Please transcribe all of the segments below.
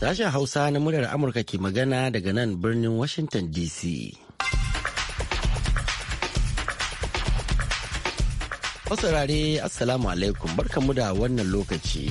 Sashen Hausa na muryar Amurka ke magana daga nan birnin Washington DC. Masarare Assalamu alaikum barkamu da wannan lokaci.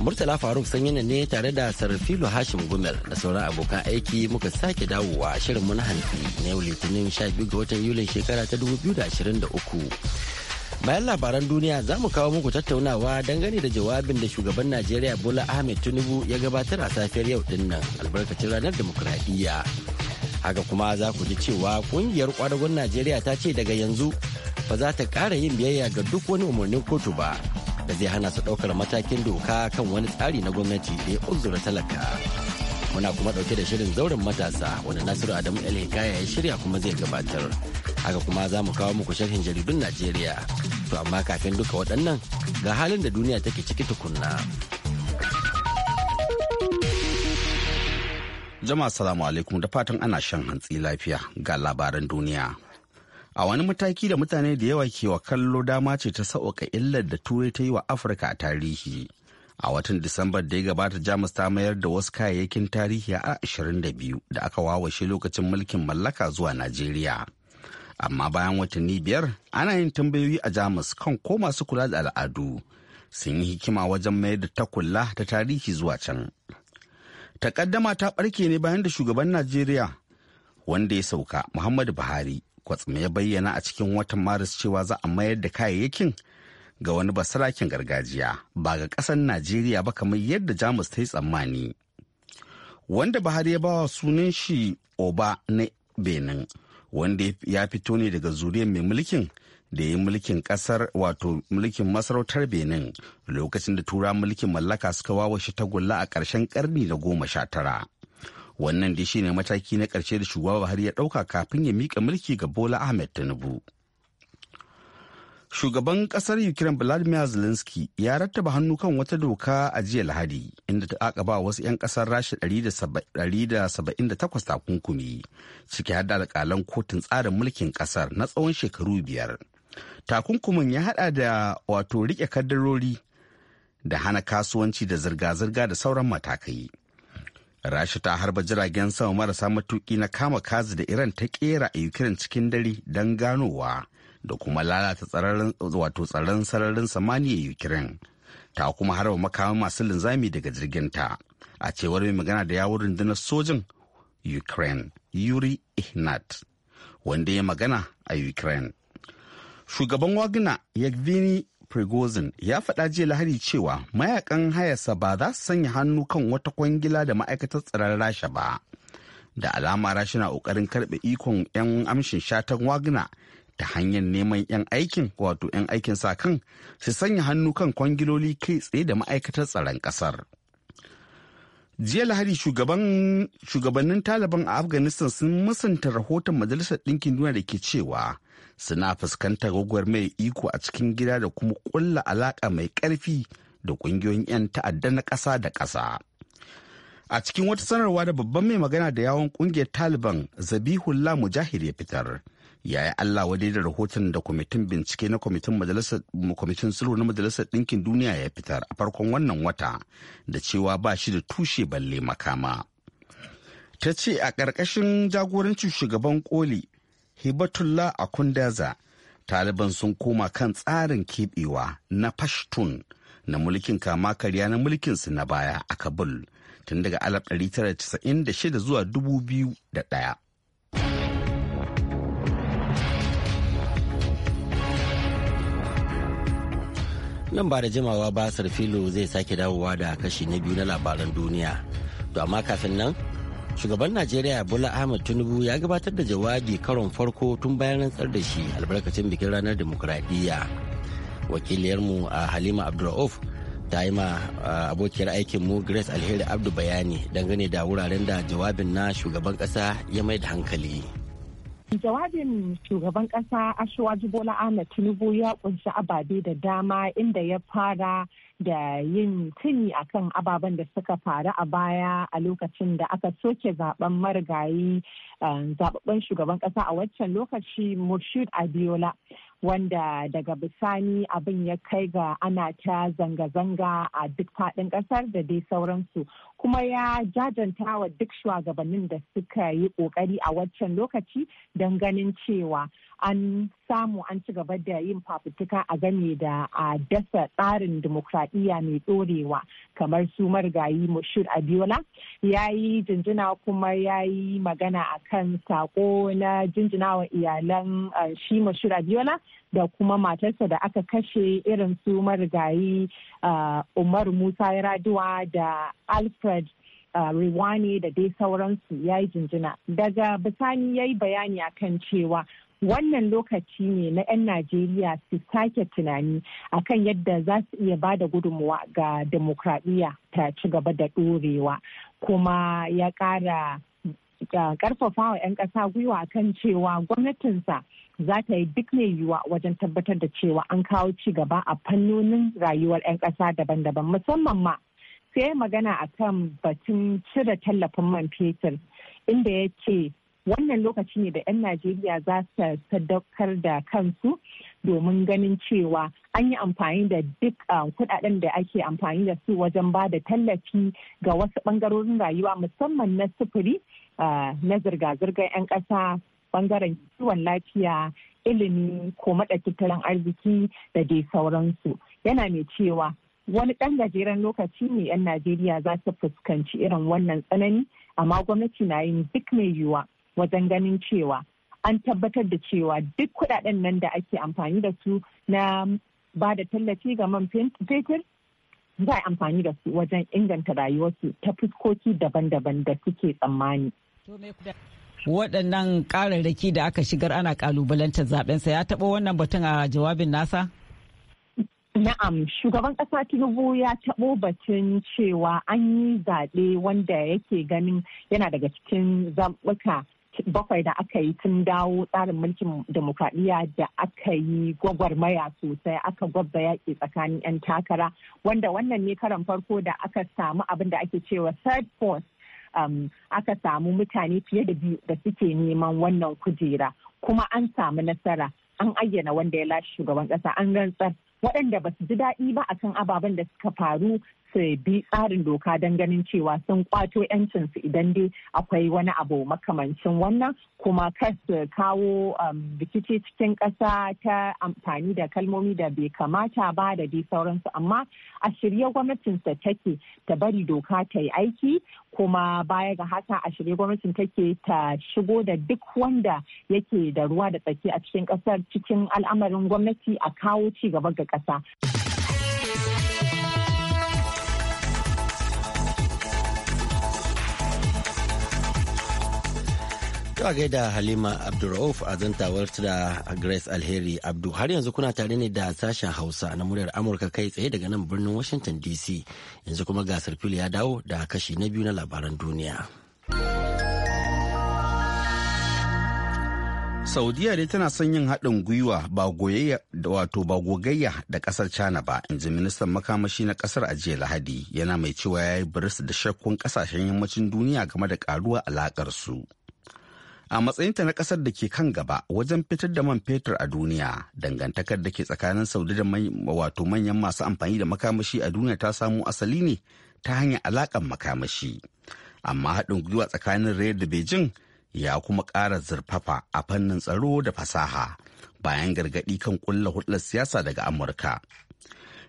Murtala Faruk sanyina ne tare da Sarfilo Hashim Gumel da sauran abokan aiki muka sake dawowa shirin na hantsi na yau Litinin 12 ga watan Yulin shekara ta 2023. bayan labaran duniya za mu kawo muku tattaunawa dangane da jawabin da shugaban najeriya bola ahmed tinubu ya gabatar a safiyar yau din nan albarkacin ranar demokuraɗiyya haka kuma za ku ji cewa kungiyar kwadagon najeriya ta ce daga yanzu ba za ta ƙara yin biyayya ga duk wani umarnin kotu ba da zai hana su ɗaukar matakin doka kan wani tsari na gwamnati da ya talaka. muna kuma dauke da shirin zauren matasa wanda nasiru adamu hikaya ya shirya kuma zai gabatar haka kuma za mu kawo muku sharhin jaridun najeriya to amma kafin duka waɗannan ga halin da duniya take ciki tukunna jama'a salamu alaikum da fatan ana shan hantsi lafiya ga labaran duniya a wani mataki da mutane da yawa ke wa kallo dama ce ta sauka illar da turai ta yi wa afirka a tarihi a watan disambar da ya gabata jamus ta mayar da wasu kayayyakin tarihi a 22 da aka wawashe lokacin mulkin mallaka zuwa najeriya amma bayan watanni biyar ana yin tambayoyi a jamus kan ko masu kula da al'adu sun yi hikima wajen mayar da takulla ta tarihi zuwa can takaddama ta ɓarke ne bayan da shugaban najeriya wanda ya sauka muhammadu buhari kwatsam ya bayyana a cikin watan maris cewa za a mayar da kayayyakin ga wani basarakin gargajiya ba ga ƙasar Najeriya ba kamar yadda Jamus ta yi tsammani. Wanda Buhari ya bawa sunan shi Oba na Benin, wanda ya fito ne daga zuriyar mai mulkin da ya yi mulkin kasar wato mulkin masarautar Benin lokacin da tura mulkin mallaka suka shi tagulla a ƙarshen ƙarni da goma sha tara. Wannan da shi ne mataki na ƙarshe da shugaba Buhari ya ɗauka kafin ya miƙa mulki ga Bola Ahmed Tinubu. Shugaban kasar Ukraine Vladimir Zelensky ya rattaba hannu kan wata doka a jiya Lahadi inda ta akaba wasu 'yan kasar Rasha 178 takunkumi ciki har da alƙalan kotun tsarin mulkin kasar na tsawon shekaru biyar. Takunkumin ya hada da wato rike kaddarori da hana kasuwanci da zirga-zirga da sauran matakai. Rasha ta harba jiragen sama marasa matuki na kama kazi da Iran ta kera a Ukraine cikin dare don ganowa da kuma lalata wato tsaron sararin samaniya ukraine ta kuma harba makaman masu linzami daga jirgin ta a cewar mai magana da yawon rundunar sojin ukraine yuri ihnat wanda ya magana a ukraine shugaban wagner yevgeny prigozhin ya faɗa jiya lahari cewa mayakan hayasa ba za su sanya hannu kan wata kwangila da ma'aikatar tsaron rasha ba da alama rasha na ƙoƙarin karɓe ikon 'yan amshin shatan wagner da hanyar neman 'yan aikin wato 'yan aikin sa kan su sanya hannu kan kwangiloli kai tsaye da ma'aikatar tsaron kasar. jiya lahadi shugabannin taliban a afghanistan sun musanta rahoton majalisar ɗinkin duniya da ke cewa suna fuskantar gwagwar mai iko a cikin gida da kuma ƙulla alaƙa mai ƙarfi da ƙungiyoyin 'yan ta'adda na ƙasa da ƙasa a cikin wata sanarwa da babban mai magana da yawon ƙungiyar taliban zabihullah mujahid ya fitar yaya Allah wadai da rahoton da kwamitin bincike na kwamitin majalisar na majalisar ɗinkin duniya ya fitar a farkon wannan wata da cewa ba shi da tushe balle makama ta ce a ƙarƙashin jagorancin shugaban koli hibatullah akundaza taliban sun koma kan tsarin keɓewa na pashtun na mulkin kama karya na mulkinsu na baya a kabul tun daga 1996 zuwa 2001 nan ba da jimawa ba filo zai sake dawowa da kashi na biyu na labaran duniya to amma kafin nan shugaban najeriya bola ahmed tinubu ya gabatar da jawabi karon farko tun bayan rantsar da shi albarkacin bikin ranar demokuraɗiyya wakiliyarmu a halima abdulrauf ta yi ma abokiyar aikinmu grace alheri abdu bayani dangane da wuraren da jawabin na shugaban ƙasa ya mai da hankali Jawabin shugaban ƙasa Ashwaji Bola Ahmed Tinubu ya kunshi ababe da dama inda ya fara da yin tuni akan ababen da suka faru a baya a lokacin da aka soke zaben marigayi eh, zababben shugaban ƙasa a waccan lokaci Murshid Abiola. wanda daga bisani abin ya kai ga ana ta zanga-zanga a duk faɗin ƙasar da dai sauransu kuma ya jajanta wa duk shugabannin da suka yi kokari a waccan lokaci don ganin cewa an samu an ci gaba da yin fafutuka a game da a dasa tsarin dimokuraɗiyya mai ɗorewa kamar su marigayi mushur abiola ya yi jinjina kuma ya yi magana a kan sako na jinjinawa iyalan eh, shi mushur abiola da kuma matarsa da aka kashe irin su marigayi uh, umar musa ya raduwa da alfred Uh, da dai sauransu ya yi jinjina. Daga bisani ya yi bayani akan cewa wannan lokaci ne na 'yan Najeriya su sake tunani akan yadda za su iya ba da gudunmuwa ga demokradiyya ta ci gaba da ɗorewa. Kuma ya ƙara uh, ƙarfafa wa 'yan ƙasa gwiwa kan cewa gwamnatinsa za ta yi duk mai yiwuwa wajen tabbatar da cewa an kawo ci gaba a fannonin rayuwar 'yan ƙasa daban-daban musamman ma sai magana a kan batun cire tallafin man fetur inda ya ce wannan lokaci ne da 'yan najeriya za su sadaukar da kansu domin ganin cewa an yi amfani da duk kudaden da ake amfani da su wajen ba da tallafi ga wasu bangarorin rayuwa musamman na sufuri na zirga-zirgar 'yan ƙasa bangaren kiwon lafiya ilimi ko tattalin arziki da dai sauransu yana mai cewa wani ɗan gajeren lokaci ne 'yan najeriya za su fuskanci irin wannan tsanani amma gwamnati na yin duk mai yiwuwa wajen ganin cewa an tabbatar da cewa duk kuɗaɗen nan da ake amfani da su na ba da tallafi ga man fetur za a amfani da su wajen inganta rayuwarsu ta fuskoki daban-daban da suke tsammani. waɗannan ƙararraki da aka shigar ana ƙalubalantar zaɓensa ya taɓa wannan batun a jawabin nasa? Na'am, shugaban ƙasa Tinubu ya taɓo batun cewa an yi zaɓe wanda yake ganin yana daga cikin zaɓuka bakwai da aka yi tun dawo tsarin mulkin demokradiyya da aka yi gwagwarmaya sosai aka gwabba yaƙi tsakanin 'yan takara wanda wannan ne karan farko da aka samu abin da ake cewa third force Um, aka samu mutane fiye da biyu da suke neman wannan kujera kuma an samu nasara an ayyana wanda ya lashe shugaban kasa, an rantsar waɗanda ba su ji daɗi ba akan ababen da suka faru su bi tsarin doka don ganin cewa sun kwato 'yancinsu idan dai akwai wani abu makamancin wannan kuma kas kawo um, rikici cikin ƙasa ta amfani da kalmomi da bai kamata ba da dai sauransu amma a shirye gwamnatinsa take ta bari doka ta yi aiki kuma baya ga haka a shirye gwamnatin take ta shigo da duk wanda yake da ruwa da tsaki a cikin ƙasar cikin al'amarin gwamnati a kawo ci gaba ga ƙasa. To a gaida Halima Abdulrauf a zantawar da Grace Alheri Abdu har yanzu kuna tare ne da sashen Hausa na muryar Amurka kai tsaye daga nan birnin Washington DC yanzu kuma gasar fili ya dawo da kashi na biyu na labaran duniya. Saudiya dai tana son yin haɗin gwiwa ba wato gogayya da ƙasar China ba, inji ministan makamashi na ƙasar a jiya Lahadi yana mai cewa ya yi da shakkun ƙasashen yammacin duniya game da ƙaruwa alaƙar su. a matsayinta na ƙasar da ke kan gaba wajen fitar da man fetur a duniya dangantakar da ke tsakanin saudi da wato manyan masu amfani da makamashi a duniya ta samu asali ne ta hanyar alakan makamashi amma haɗin gwiwa tsakanin rayar da beijing ya kuma ƙara zurfafa a fannin tsaro da fasaha bayan gargaɗi kan ƙulla hulɗar siyasa daga amurka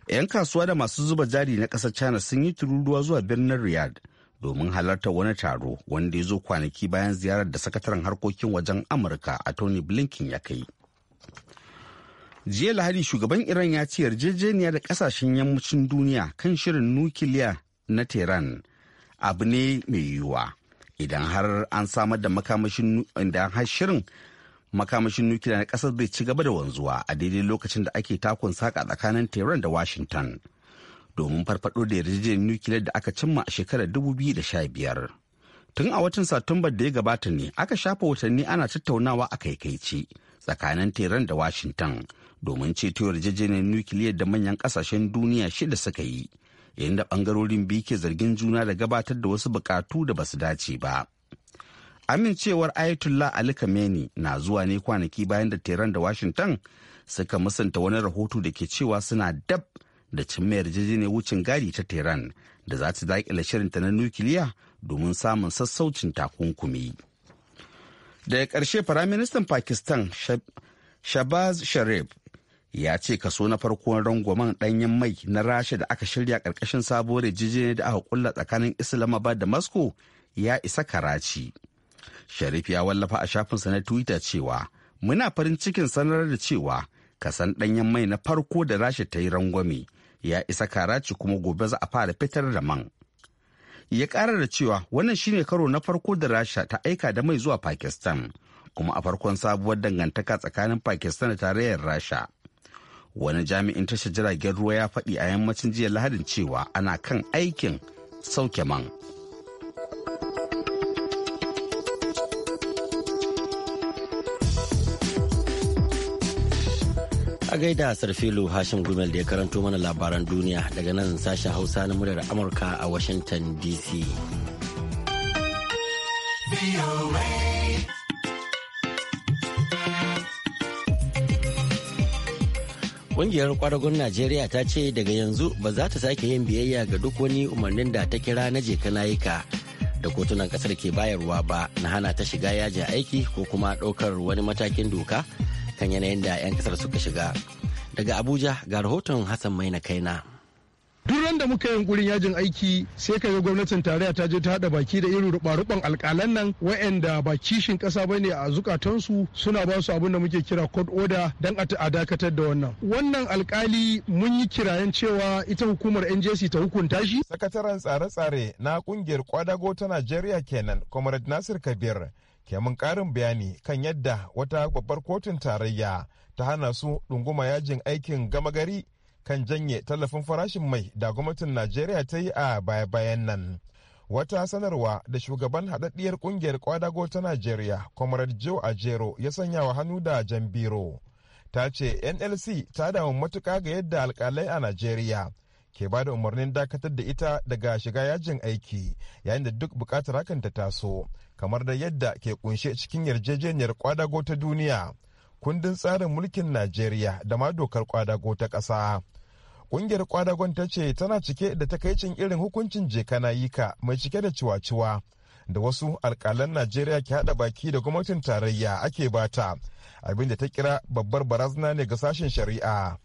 'yan kasuwa da masu zuba jari na ƙasar china sun yi tururuwa zuwa birnin riyadh domin halartar wani taro wanda ya zo kwanaki bayan ziyarar da sakataren harkokin wajen amurka a tony blinken ya kai jiya lahadi shugaban iran ya ce yarjejeniya da kasashen yammacin duniya kan shirin nukiliya na tehran abu ne mai yiwuwa idan har an samar da makamashin har shirin makamashin nukiliya na kasar zai ci gaba da wanzuwa a daidai lokacin da ake takun saka tsakanin tehran da washington domin farfado da yarjejeniyar nukiliyar da aka cimma a shekarar 2015. Tun a watan Satumbar da ya gabata ne aka shafa watanni ana tattaunawa a kaikaici tsakanin Tehran da Washington domin ceto yarjejeniyar nukiliyar da manyan kasashen duniya shida suka yi, yayin da bangarorin biyu ke zargin juna da gabatar da wasu bukatu da basu dace ba. Amincewar Ayatollah Ali Khamenei na zuwa ne kwanaki bayan da Tehran da Washington suka musanta wani rahoto da ke cewa suna dab da cimma yarjejeniyar wucin gadi ta tehran da za ta daƙile shirinta na nukiliya domin samun sassaucin takunkumi daga ƙarshe firaministan pakistan shabaz sharif ya ce kaso na farko rangwamen ɗanyen mai na rasha da aka shirya ƙarƙashin sabuwar yarjejeniyar da aka kulla tsakanin islamabad da moscow ya isa karaci sharif ya wallafa a shafinsa na twitter cewa muna farin cikin sanar da cewa kasan ɗanyen mai na farko da rasha ta yi rangwame ya isa karaci kuma gobe za a fara fitar da man ya ƙara da cewa wannan shine karo na farko da rasha ta aika da mai zuwa pakistan kuma a farkon sabuwar dangantaka tsakanin pakistan da tarayyar rasha wani jami'in tashar jiragen ruwa ya faɗi a yammacin jiya lahadin cewa ana kan aikin sauke man. A gaida Sarfilu Hashim Gumel da ya karanto mana labaran duniya daga nan sashen Hausa na muryar Amurka a Washington DC. Ƙungiyar kwadagon Najeriya ta ce daga yanzu ba za ta sake yin biyayya ga duk wani umarnin da ta kira na je kanayika da kotunan ƙasar ke bayarwa ba na hana ta shiga yajin aiki ko kuma ɗaukar wani matakin doka. kan yanayin da 'yan kasar suka shiga daga abuja ga rahoton hassan maina na. duk da muka yi gurin yajin aiki sai ga gwamnatin tarayya ta je ta hada baki da irin rubaruban alkalan nan waɗanda ba kishin ƙasa bane a zukatansu suna ba su abin da muke kira court order dan a dakatar da wannan wannan alkali mun yi kirayen cewa ita hukumar NJC ta hukunta shi sakataren tsare-tsare na kungiyar kwadago ta Najeriya kenan comrade Nasir Kabir ke mun karin bayani kan yadda wata babbar kotun tarayya ta hana su ɗunguma yajin aikin gama gari kan janye tallafin farashin mai da gwamnatin najeriya ta yi a baya-bayan nan wata sanarwa da shugaban haɗaɗɗiyar ƙungiyar kwadago ta najeriya comrade joe ajero ya sanya wa hannu da jan biro ta ce nlc ta damu matuƙa ga yadda alƙalai a najeriya ke ba da umarnin dakatar da ita daga shiga yajin aiki yayin da duk bukatar hakan ta taso kamar da yadda ke kunshe cikin yarjejeniyar kwadago ta duniya kundin tsarin mulkin najeriya da ma dokar kwadago ta ƙasa ƙungiyar kwadagon ta ce tana cike da takaicin irin hukuncin jekana yika mai cike da ciwa-ciwa da wasu alkalan najeriya ke haɗa baki da gwamnatin tarayya ake bata abinda ta kira babbar barazana ne ga sashen shari'a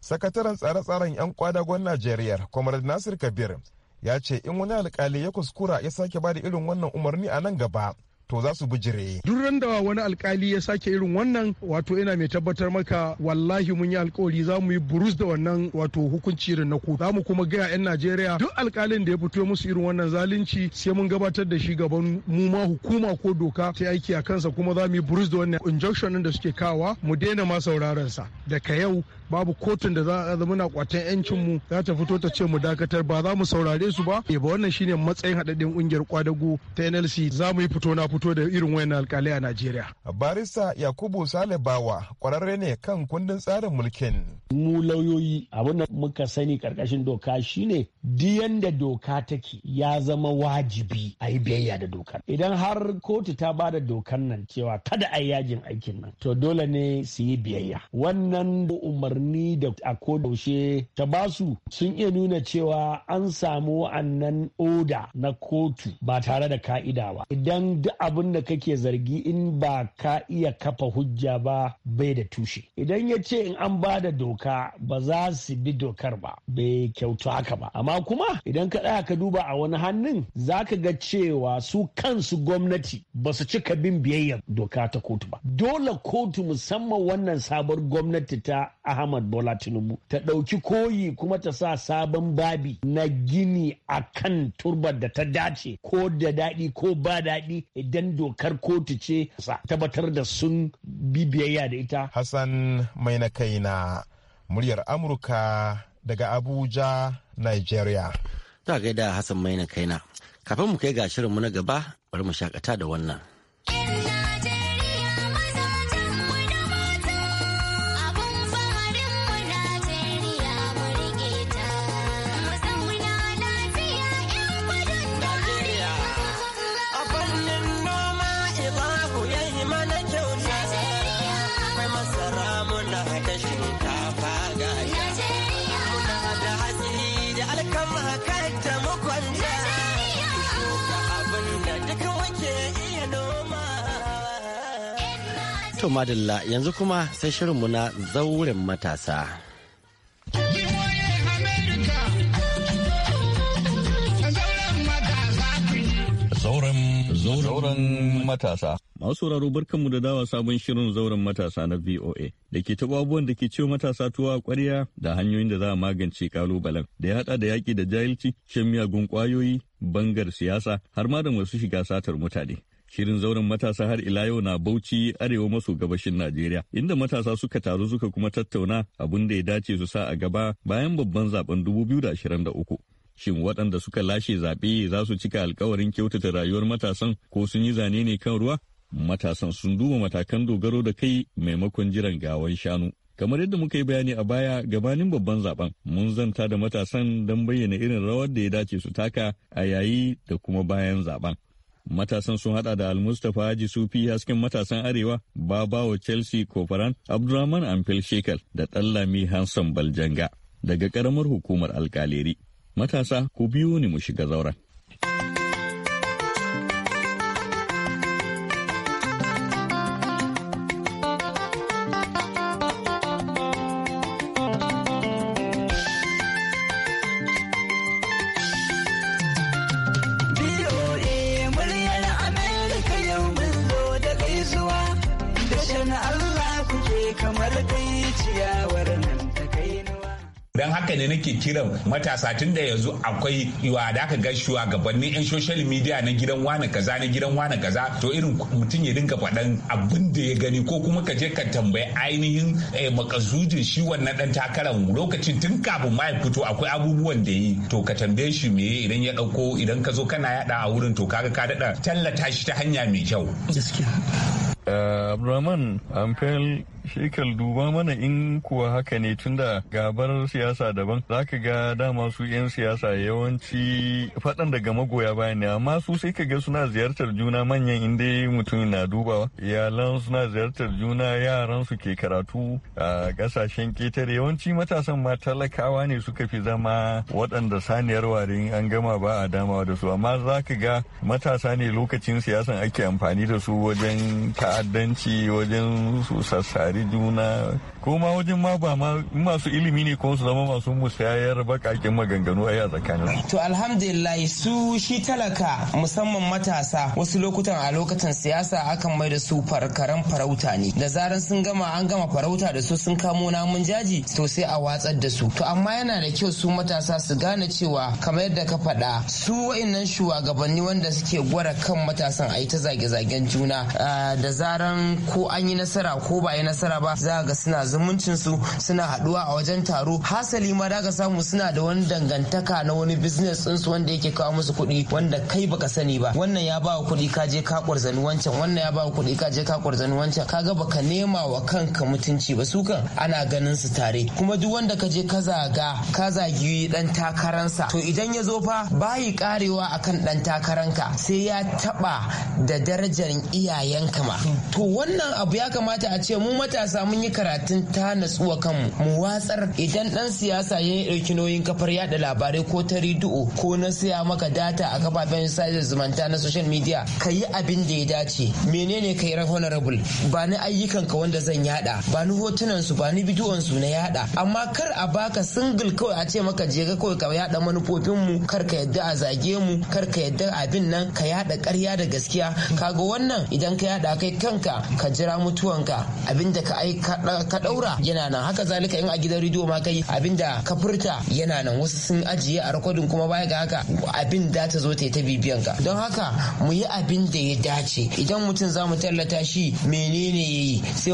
sakataren tsare-tsaren 'yan kwadagon najeriya comrade nasir kabir ya ce in wani alkali ya kuskura ya sake bada irin wannan umarni a nan gaba to za su bijire. Duk randa wani alkali ya sake irin wannan wato ina mai tabbatar maka wallahi mun yi alkawari za mu yi burus da wannan wato hukunci irin na kotu. Za mu kuma gaya 'yan Najeriya duk alkalin da ya fito musu irin wannan zalunci sai mun gabatar da shi gaban mu ma hukuma ko doka ta aiki a kansa kuma za mu yi burus da wannan injunction da suke kawa mu daina ma sauraron sa. Daga yau babu kotun da za a zama na kwatan 'yancin mu za ta fito ta ce mu dakatar ba za mu saurare su ba. Ba wannan shine matsayin haɗaɗɗen ƙungiyar kwadago ta NLC za mu yi fito na fito da irin wayan alkalai a Najeriya. Barista Yakubu Sale Bawa kwararre ne kan kundin tsarin mulkin. Mu lauyoyi abin da muka sani karkashin doka shine diyan da doka take ya zama wajibi a yi biyayya da dokar. Idan har kotu ta ba da dokar nan cewa kada a yajin aikin nan to dole ne su yi biyayya. Wannan umarni da a kodaushe ta basu sun iya nuna cewa an samu wa'annan oda na kotu ba tare da ka'ida ba. Idan duk abin da kake zargi in ba ka iya kafa hujja ba bai da tushe idan ya ce in an ba da doka ba za su bi dokar ba bai kyautu haka ba amma kuma idan ka ka duba a wani hannun za ka ga cewa su kansu gwamnati ba su cika bin biyayyar doka ta kotu ba dole kotu musamman wannan sabon gwamnati ta ahmad bola tinubu ta ɗauki koyi kuma ta sa sabon babi na gini akan turbar da ta dace ko da daɗi ko ba daɗi idan dokar kotu ce sa tabbatar da sun bibiyayya da ita. Hassan mai na kai na muryar Amurka daga Abuja, Nigeria. Ta gaida Hassan mai na kaina. Kafin mu kai ga shirinmu na gaba, bari mu shakata da wannan. To madalla yanzu kuma sai shirinmu na zauren matasa. Zauren matasa. Masu sauraro barkanmu da dawa sabon shirin zauren matasa na VOA da ke taɓa abubuwan da ke ciwo matasa tuwa a ƙwarya da hanyoyin da za a magance ƙalubalen da ya haɗa da yaƙi da jahilci, shan miyagun ƙwayoyi, bangar siyasa har ma da masu shiga satar mutane. Shirin zauren matasa har ila yau na Bauchi arewa maso gabashin Najeriya inda matasa suka taru suka kuma tattauna abin da ya dace su sa a gaba bayan babban zaben uku Shin waɗanda suka lashe zaɓe za su cika alkawarin kyautata rayuwar matasan ko sun yi zane ne kan ruwa? Matasan sun duba matakan dogaro da kai maimakon jiran gawan shanu. kamar yadda muka yi bayani a baya gabanin babban zaben mun zanta da matasan don bayyana irin rawar da ya dace su taka a yayi da kuma bayan zaben Matasan sun hada da Almustapha Haji Sufi hasken matasan Arewa, babawa Chelsea Kofaran, Abdurrahman Amfil shekel da dallami Hanson Baljanga daga ƙaramar hukumar alkaleri. Matasa ku biyo ne mu shiga zauren. ne nake kiran matasa tun da yanzu akwai yiwa da aka ga shugabannin yan social media na gidan wani kaza na gidan wani kaza to irin mutum ya dinga faɗan abin da ya gani ko kuma ka je ka tambayi ainihin eh, makazujin shi wannan dan takarar lokacin tun kafin ma ya fito akwai abubuwan da yi to ka tambaye shi me idan ya ɗauko idan ka zo kana yada a wurin to kaga ka daɗa tallata shi ta hanya mai kyau. Gaskiya. Eh, Abdulrahman Amfel shekar duba mana in kuwa haka ne tunda gabar siyasa daban za ka ga dama su 'yan siyasa yawanci faɗan daga magoya bayan ne amma su sai ka ga suna ziyartar juna manyan inda mutum na dubawa iyalan suna ziyartar juna yaran su ke karatu a ƙasashen ketare yawanci matasan ma talakawa ne suka fi zama waɗanda saniyar ware an gama ba a damawa da su amma za ka ga matasa ne lokacin siyasan ake amfani da su wajen ta'addanci wajen su sassare saurari juna ko wajen ma ba masu ilimi ne ko su zama masu musayar bakakin maganganu a tsakanin to alhamdulillah su shi talaka musamman matasa wasu lokutan a lokacin siyasa akan mai da su farkaran farauta ne da zaran sun gama an gama farauta da su sun kamo namun jaji to sai a watsar da su to amma yana da kyau su matasa su gane cewa kamar yadda ka faɗa su wa'innan shugabanni wanda suke gwara kan matasan a yi ta zage-zagen juna ah, da zaran ko an yi nasara ko ba yi nasara nasara ba za ga suna zumuncin su suna haduwa a wajen taro hasali ma ka samu suna da wani dangantaka na wani business din su wanda yake kawo musu kuɗi wanda kai baka sani ba wannan ya ba kuɗi ka je ka kwarzani wancan wannan ya ba kuɗi ka je ka kwarzani wancan kaga baka nema wa kanka mutunci ba su kan ana ganin su tare kuma duk wanda ka je ka zaga ka zagi dan takaransa to idan ya zo fa bayi karewa akan dan takaranka sai ya taba da darajar iyayenka ma to wannan abu ya kamata a ce mu mata sa mun yi karatun ta natsuwa kanmu mu watsar idan dan siyasa ya yi ɗauki nauyin kafar yada labarai ko ta rediyo ko na siya maka data a kafafen sada zumunta na social media ka yi abin da ya dace menene ka yi honorable ba ni ayyukan ka wanda zan yada ba ni hotunan su ba ni bidiyon su na yada amma kar a baka single kawai a ce maka je ka kawai ka yada manufofin mu kar ka yadda a zage mu kar ka yadda abin nan ka yada karya da gaskiya kaga wannan idan ka yada kai kanka ka jira mutuwanka abin da ka ai ka daura yana nan haka zalika in a gidan rediyo ma kai abinda ka furta yana nan wasu sun ajiye a rakodin kuma baya ga haka abin da ta zo ta ta bibiyan ka don haka mu yi abin da ya dace idan mutum za mu tallata shi menene ya yi sai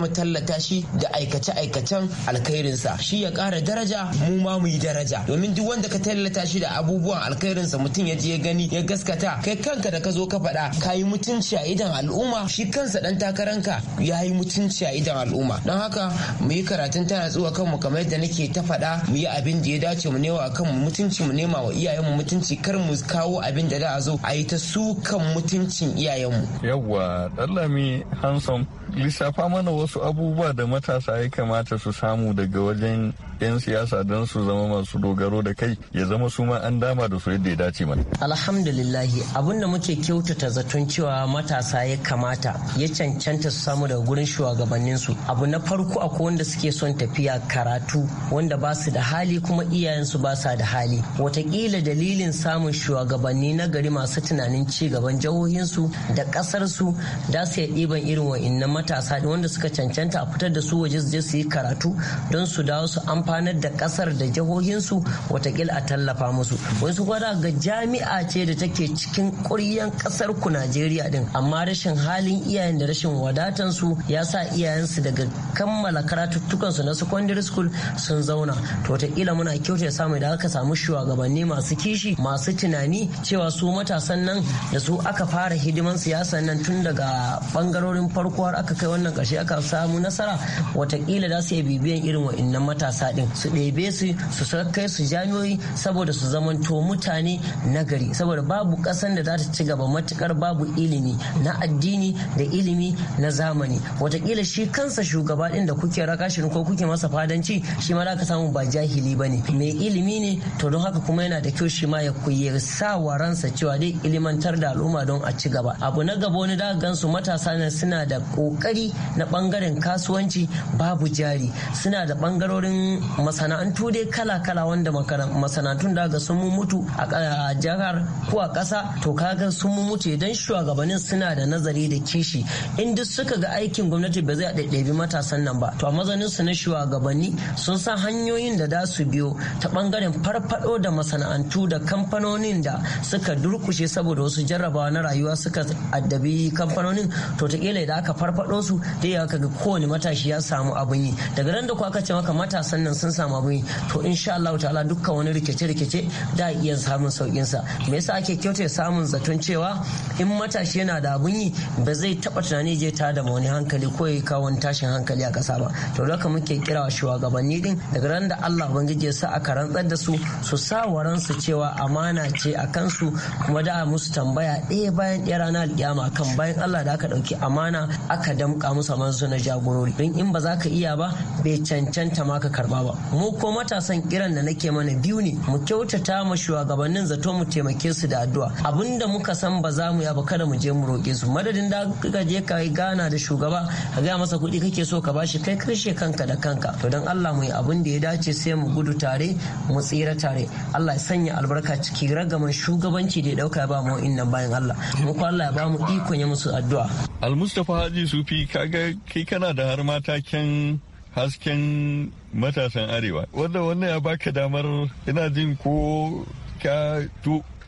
mu tallata shi da aikace aikacen alkhairinsa shi ya kara daraja mu ma mu yi daraja domin duk wanda ka tallata shi da abubuwan alkhairinsa mutum ya je ya gani ya gaskata kai kanka da ka zo ka faɗa ka yi mutunci a idan al'umma shi kansa dan takaranka ya yi mutunci mutunci a idan al'umma don haka mu yi karatun tana kan kanmu kamar yadda nake ta faɗa mu yi abin da ya dace mu nema kan mutunci mu nema wa iyayenmu mutunci kar mu kawo abin da za a zo a yi ta su kan mutuncin iyayenmu yawwa dallami hansom lissafa mana wasu abubuwa da matasa ya kamata su samu daga wajen 'yan siyasa don su zama masu dogaro da kai ya zama su ma an dama da su yadda ya dace mana. Alhamdulillahi abin da muke kyautata zaton cewa matasa ya kamata ya cancanta su samu daga gurin shugabanninsu Abu na farko akwai wanda suke son tafiya karatu wanda ba su da hali kuma iyayensu ba sa da hali. watakila dalilin samun shugabanni na gari masu tunanin ci gaban jihohinsu da ƙasarsu da su ya ɗiban irin na matasa ne wanda suka cancanta a fitar da su waje su je su yi karatu don su dawo su amfanar da kasar da jihohinsu watakila a tallafa musu wasu gwada ga jami'a ce da take cikin ƙuryan kasar ku najeriya din amma rashin halin iyayen da rashin wadatansu ya sa iyayensu daga kammala karatuttukansu na secondary school sun zauna to watakila muna kyauta samu da aka samu shugabanni masu kishi masu tunani cewa su matasan nan da su aka fara hidimar ya nan tun daga bangarorin farko har aka kai wannan ƙarshe aka samu nasara watakila za su iya bibiyan irin wa'annan matasa din su ɗebe su su kai su jami'oi saboda su zamanto mutane nagari saboda babu kasan da za ta ci gaba matukar babu ilimi na addini da ilimi na zamani watakila shi kansa shugaba din da kuke raka shi ko kuke masa fadanci shi ma ka samu ba jahili ba ne mai ilimi ne to don haka kuma yana da kyau shi ma ya kuyi sa wa ransa cewa dai ilimantar da al'umma don a ci gaba abu na gaba wani da gansu matasa ne suna da ƙoƙari kokari na bangaren kasuwanci babu jari suna da bangarorin masana'antu dai kala-kala wanda masana'antun da ga sun mutu a jihar ko a kasa to kaga sun mutu idan shugabannin suna da nazari da kishi in duk suka ga aikin gwamnati ba zai ɗaiɗaibi matasan nan ba to a mazanin su na shugabanni sun san hanyoyin da za su biyo ta bangaren farfado da masana'antu da kamfanonin da suka durkushe saboda wasu jarrabawa na rayuwa suka addabi kamfanonin to ta da aka farfado sauransu da ya kaga kowane matashi ya samu abin yi daga ran da aka ce maka matasan nan sun samu abin yi to insha Allah ta'ala dukkan wani rikice-rikice da iya samun saukin sa me yasa ake kyauta samun zaton cewa in matashi yana da abin yi ba zai taba tunani je ta da wani hankali ko ya kawo wani tashin hankali a kasa ba to haka muke kira shugabanni din daga ran da Allah ubangiji ya sa aka rantsar da su su sa waransu cewa amana ce a kansu kuma da musu tambaya ɗaya bayan ɗaya ranar alƙiyama kan bayan Allah da aka ɗauki amana aka damka damƙa musu a su na jagorori don in ba za ka iya ba bai cancanta ma ka karba ba mu ko matasan kiran da nake mana biyu ne mu kyautata ma shugabannin zato mu taimake su da addu'a abinda muka san ba za mu ya ba kada mu je mu roƙe su madadin da ka je ka yi gana da shugaba ka gaya masa kuɗi kake so ka bashi kai karshe kanka da kanka to don Allah mu yi abin da ya dace sai mu gudu tare mu tsira tare Allah ya sanya albarka ciki ragaman shugabanci da ya dauka ba mu nan bayan Allah mu ko Allah ya ba mu ikon ya musu addu'a Al-Mustafa Haji sufi kaga kai kana da har matakin hasken matasan arewa wanda wannan ya baka damar ina jin ko ka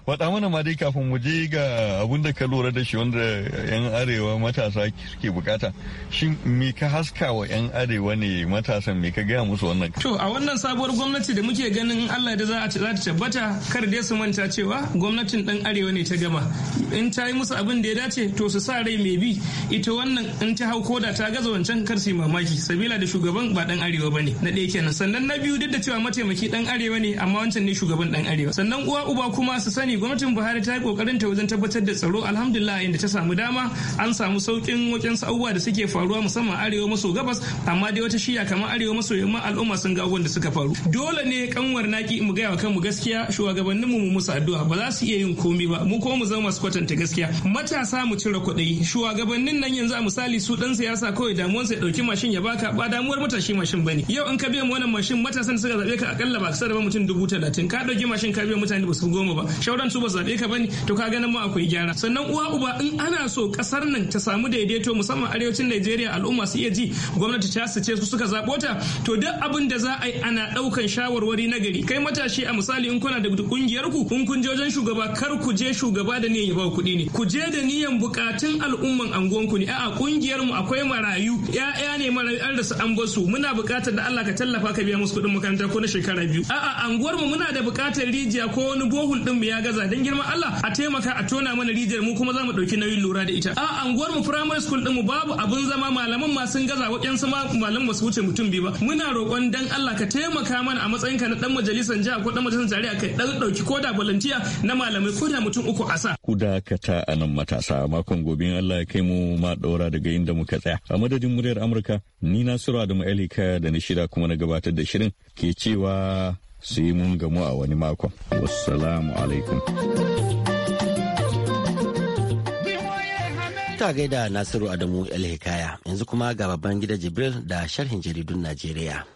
faɗa mana ma dai kafin mu je ga abun da ka lura da shi wanda 'yan arewa matasa ke bukata shin me ka haska wa 'yan arewa ne matasan me ka gaya musu wannan to a wannan sabuwar gwamnati da muke ganin allah da za a ta tabbata kar dai su manta cewa gwamnatin dan arewa ne ta gama in ta yi musu abin da ya dace to su sa rai mai bi ita wannan in ta hau koda ta gaza wancan kar su mamaki sabila da shugaban ba dan arewa bane na ɗaya kenan sannan na biyu duk da cewa mataimaki dan arewa ne amma wancan ne shugaban dan arewa sannan uwa uba kuma su sani gwamnatin buhari ta yi kokarin ta wajen tabbatar da tsaro alhamdulillah inda ta samu dama an samu saukin wajen abubuwa da suke faruwa musamman arewa maso gabas amma dai wata shiya kamar arewa maso yamma al'umma sun ga abubuwan da suka faru dole ne kanwar naki mu gaya wa kanmu gaskiya shugabannin mu musu addu'a ba za su iya yin komi ba mu ko mu zama masu kwatanta gaskiya matasa mu cire kuɗi shugabannin nan yanzu a misali su dan siyasa kawai damuwansa ya dauki mashin ya baka ba damuwar matashi mashin bane yau in ka biya mu wannan mashin matasan suka zabe ka akalla ba ka sarrafa mutum dubu talatin ka dauki mashin ka biya mutane ba su goma ba shauran nan su ba zaɓe ka bane to ka ganin mu akwai gyara sannan uwa uba in ana so kasar nan ta samu daidaito musamman arewacin Najeriya al'umma su iya ji gwamnati ta sace su suka zabo ta to duk abin da za a yi ana ɗaukan shawarwari na gari kai matashi a misali in kuna da kungiyar ku kun kun shugaba kar ku je shugaba da niyan ya ba kuɗi ne ku je da niyan bukatun al'umman anguwan ku ne a'a kungiyar mu akwai marayu ya'ya ne marayu an rasa an basu muna bukatar da Allah ka tallafa ka biya musu kuɗin makaranta ko na shekara biyu a'a anguwar mu muna da bukatar rijiya ko wani bohul din mu ya gaza kaza dan girman Allah a taimaka a tona mana rijiyar mu kuma za mu ɗauki nauyin lura da ita a anguwar mu primary school din mu babu abun zama malaman ma sun gaza wa sama ma malaman su wuce mutum biyu ba muna roƙon dan Allah ka taimaka mana a matsayin ka na dan majalisar jiha ko dan majalisar jari'a ka dan ɗauki ko da volunteer na malamai ko da mutum uku a sa ku da a nan matasa makon gobe in Allah ya kai mu ma daura daga inda muka tsaya a madadin muryar Amurka ni da mu Elika da na shida kuma na gabatar da shirin ke cewa sai mun gamu a wani makon wassalamu alaikum ta gaida nasiru adamu el hikaya yanzu kuma ga babban gida jibril da sharhin jaridun najeriya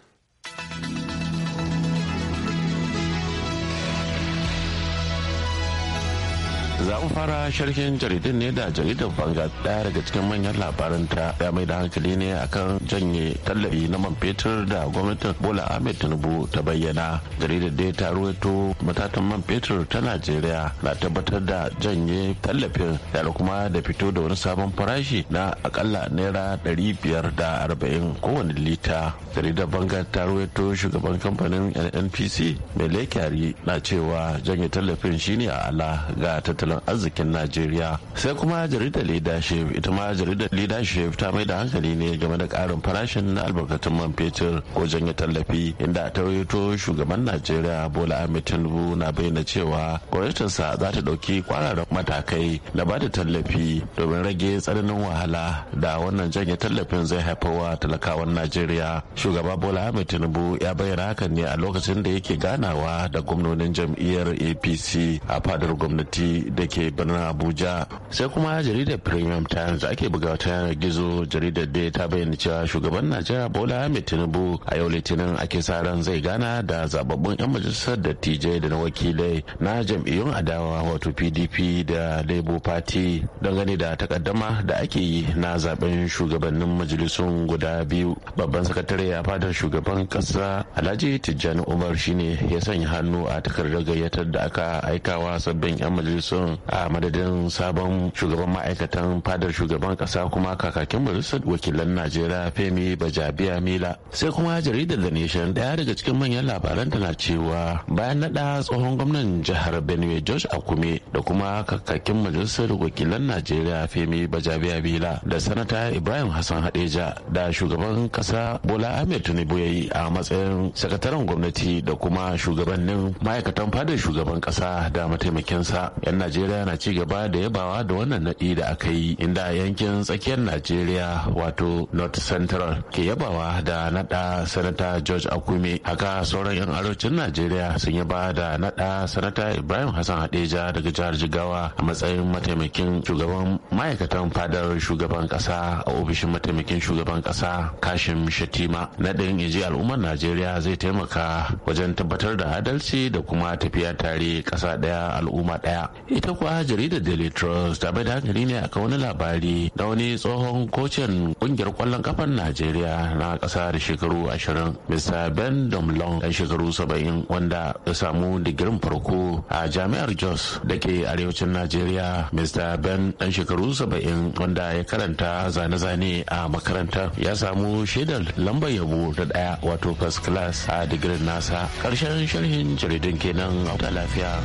za mu fara sharhin jaridun ne da jaridar banga ɗaya daga cikin manyan labaran ta ya mai da hankali ne akan janye tallafi na man fetur da gwamnatin bola ahmed tinubu ta bayyana jaridar da ta ruwaito matatan man fetur ta najeriya na tabbatar da janye tallafin da kuma da fito da wani sabon farashi na akalla naira ɗari biyar da arba'in kowane lita jaridar banga ta ruwaito shugaban kamfanin nnpc mai lekari na cewa janye tallafin shine a ala ga tattalin tattalin arzikin najeriya sai kuma jaridar leadership ita ma jaridar leadership ta mai da hankali ne game da karin farashin na albarkatun man fetur ko janye tallafi inda ta rawaito shugaban najeriya bola ahmed tinubu na bayyana cewa gwamnatinsa za ta ɗauki kwararren matakai na ba da tallafi domin rage tsananin wahala da wannan janye tallafin zai haifarwa talakawan najeriya shugaba bola ahmed tinubu ya bayyana hakan ne a lokacin da yake ganawa da gwamnonin jam'iyyar apc a fadar gwamnati da ke birnin abuja sai kuma jaridar premium times ake buga ta yanar gizo jaridar da ta bayyana cewa shugaban najeriya bola ahmed tinubu a yau litinin ake sa ran zai gana da zababbun yan majalisar dattijai da na wakilai na jam'iyyun adawa wato pdp da labour party dangane da takaddama da ake yi na zaben shugabannin majalisun guda biyu babban sakatare ya fadar shugaban kasa alhaji tijjani umar shine ya sanya hannu a takardar gayyatar da aka aikawa sabbin yan majalisun a madadin sabon shugaban ma'aikatan fadar shugaban kasa kuma kakakin majalisar wakilan najeriya femi bajabiya mila sai kuma jaridar the nation daya daga cikin manyan labaran tana cewa bayan naɗa tsohon gwamnan jihar benue josh akume da kuma kakakin majalisar wakilan najeriya femi bajabiya mila da sanata ibrahim hassan hadeja da shugaban kasa bola ahmed tinubu ya a matsayin sakataren gwamnati da kuma shugabannin ma'aikatan fadar shugaban kasa da mataimakinsa yan najeriya najeriya na ci gaba da yabawa da wannan naɗi da aka yi inda yankin tsakiyar najeriya wato north central ke yabawa da naɗa sanata george akume haka sauran 'yan arewacin najeriya sun yaba da naɗa sanata ibrahim hassan hadeja daga jihar jigawa a matsayin mataimakin shugaban ma'aikatan fadar shugaban ƙasa a ofishin mataimakin shugaban ƙasa kashim shatima naɗin inji al'ummar najeriya zai taimaka wajen tabbatar da adalci da kuma tafiya tare ƙasa ɗaya al'umma ɗaya ita ita kuwa jaridar daily trust ta bai da hankali ne akan wani labari da wani tsohon kocin kungiyar kwallon kafan najeriya na kasa da shekaru ashirin mr ben domlong dan shekaru saba'in wanda ya samu digirin farko a jami'ar jos da ke arewacin najeriya mr ben dan shekaru saba'in wanda ya karanta zane-zane a makarantar ya samu shaidar lambar yabo da daya wato first class a digirin nasa karshen sharhin jaridun kenan a lafiya.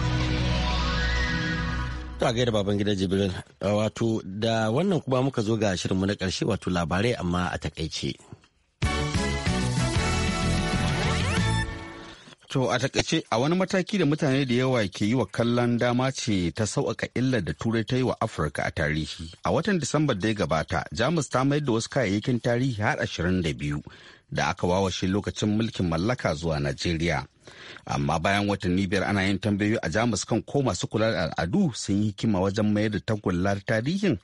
To a gaida baban gida Jibril wato da wannan kuma muka zo ga shirinmu na karshe wato labarai amma a takaice. To a takaice a wani mataki da mutane da yawa ke yi wa kallon dama ce ta sauƙaƙa illar da turai ta yi wa Afirka a tarihi. A watan Disambar da ya gabata, Jamus ta mayar da wasu kayayyakin tarihi har ashirin da biyu da aka wawashe lokacin mulkin mallaka zuwa Najeriya. Amma bayan watanni biyar ana yin tambayoyi a Jamus kan ko masu kula da al'adu sun yi hikima wajen mayar da tagullar tarihin.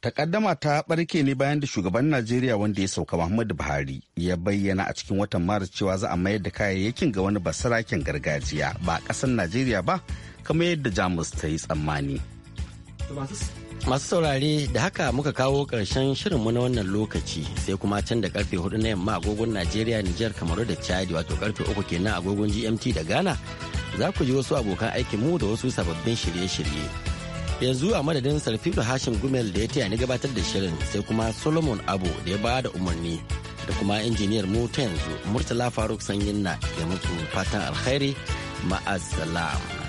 Takaddama ta barke ne bayan da shugaban Najeriya wanda ya sauka Muhammadu Buhari ya bayyana a cikin watan Maris cewa za a mayar da kayayyakin ga wani basarakin gargajiya ba ƙasar Najeriya ba kamar yadda Jamus ta yi tsammani. Masu saurare da haka muka kawo ƙarshen shirinmu na wannan lokaci sai kuma can da karfe hudu na yamma agogon Najeriya, Nijar, Kamaru da Chadi wato karfe uku kenan agogon GMT da Ghana za ku ji wasu abokan aikin mu da wasu sababbin shirye-shirye. Yanzu a madadin Sarfilu Hashim Gumel da ya taya ni gabatar da shirin sai kuma Solomon Abu da ya bada umarni da kuma injiniyar mu ta yanzu Murtala Faruk Sanyin na ya mutu fatan alkhairi ma'asalam.